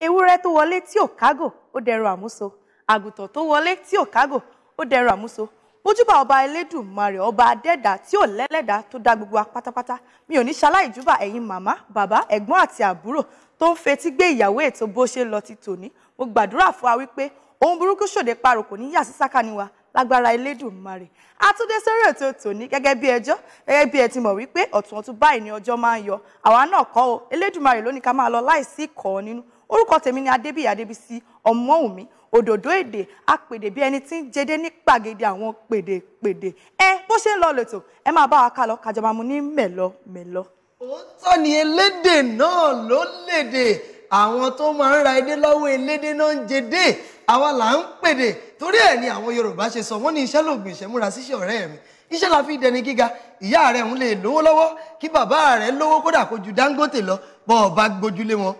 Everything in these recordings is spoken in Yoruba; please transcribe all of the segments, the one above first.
ewúrẹ́ tó wọlé tí ò kágò ó dẹrù àmúso àgùntàn tó wọlé tí ò kágò ó dẹrù àmúso mojúbà ọba elédùnmarè ọba adẹ́dà tí ò lẹ́lẹ́dà tó dá gbogbo wa pátápátá mi ò ní ṣaláìjúbà ẹ̀yin màmá bàbá ẹ̀gbọ́n àti àbúrò tó ń fetí gbé ìyàwó ètò bó ṣe lọ ti tòní mo gbàdúrà fún wa wípé ohun burúkú ṣòde parò kò ní yà sí sákàní wa lágbára elédùnmarè àtúndé sórí ètò tòní gẹ́gẹ́ bí ẹjọ́ gẹ́gẹ́ bí ẹ ti mọ̀ wípé ọ̀tún ọ̀tún báyìí ni ọjọ́ máa ń yọ àwa náà kọ́ o elédùnmarè ló ní ká máa lọ láìsí ìkọ́ nínú orúkọ tèmi ni adébíyì adébísí ọmọwùmí òdòdó èdè apèdè bí ẹni tí ń jẹdé ní gbàgede àwọn pèdèpèdè ẹ bó ṣe ń lọ lètò ẹ máa bá wa ká lọ kàjọba mu ní mẹlọ mẹlọ. òótọ́ ni elédè náà ló lédè àwọn tó máa ń ra edé lọ́wọ́ elédè náà ń jedè àwa là ń pèdè torí ẹ̀ ni àwọn yorùbá ṣe sọ wọ́n ní iṣẹ́ lògùn ìṣẹ́múra síṣẹ́ ọ̀rẹ́ mi iṣẹ́ la fi dẹni gíga ìyá rẹ̀ ń lè lówó lọ́wọ́ kí bàbá rẹ̀ lówó kódà kó ju Dangote lọ bọ́ọ̀ bá gbójúlé wọn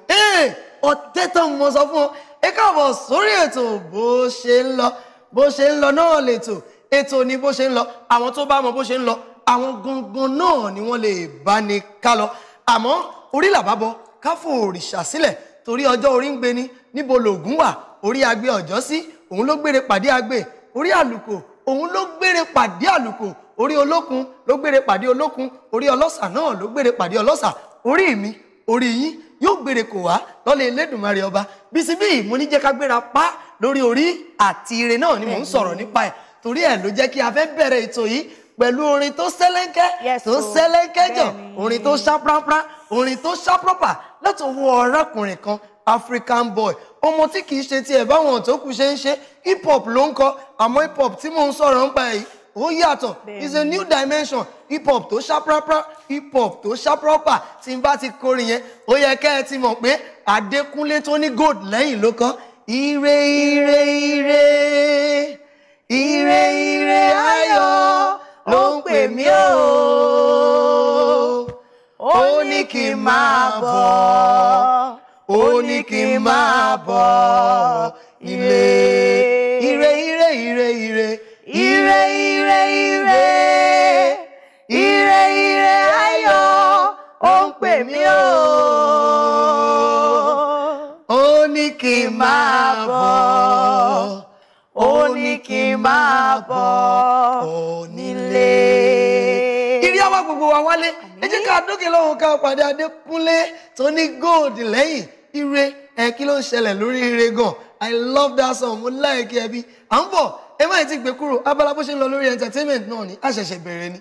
ọ̀tẹ́ tán mo sọ fún ọ ẹ káàbọ̀ sórí ètò bó ṣe ń lọ bó ṣe ń lọ náà lètò ètò ni bó ṣe ń lọ àwọn tó bá mọ bó ṣe ń lọ àwọn gangan náà ni wọ́n lè bá ní ká lọ àmọ́ orí làbábọ káfò òrìṣà sílẹ̀ torí ọjọ́ orí ń gbé ni níbo lògùn wà orí agbe ọjọ́ sí òun ló gbére pàdé agbe orí àlùkò òun ló gbére pàdé àlùkò orí olókun ló gbére pàdé olókun orí ọlọ́sà náà ló gbére pàdé ọlọ́sà orí mi orí yín yóò gbére kò wá lọ́lẹ̀ Elédùmarè ọba Bísíbí mo ní jẹ́ ká gbéra pa lórí orí àti ire náà ni mò ń sọ̀rọ̀ nípa ẹ̀ torí ẹ̀ ló jẹ́ kí a fẹ́ bẹ̀rẹ̀ ètò yìí pẹ̀lú orin tó sẹ́lẹ́ńkẹ́ tó sẹ́lẹ́ńkẹ́ jọ orin tó ṣáprápra orin tó ṣáprópà látọwọ́ ọ̀rẹ́kùnrin kan African boy ọmọ tí kì í ṣe tiẹ̀ báwọn tó kù ṣe ń ṣe hip hop ló ń kọ àmọ́ hip hop tí mò ń sọ̀rọ̀ ń pa yìí ó yàtọ̀ it's a new dimension hip hop tó ṣàprápá hip hop tó ṣàprápá tí n bá ti kórè yẹn ó yẹ kẹ́ ẹ ti mọ̀ pé Adékúnlé tó ní gold lẹ́yìn ló kọ ire ire ire ire ire ayọ̀ ló ń pè mí o ó ní kí n máa bọ̀ ó ní kí n máa bọ̀ ilé ire ire ire ire ire ire ire ire ire ayọ̀ ó ń pè mí o ó ní kí n máa bọ̀ ó ní kí n máa bọ̀ onílé. ìrìn àwa gbogbo wa wálé ẹ ká dókè lọ́hùn ká pàdé Adékúnlé tó ní góòdì lẹ́yìn ire ẹ kí ló ń ṣẹlẹ̀ lórí ire gan I love that song mo láìkí ẹbí à ń bọ̀ ẹ má ti gbé kúrò abala bó ṣe ń lọ lórí entertainment náà ni a ṣẹ̀ṣẹ̀ ni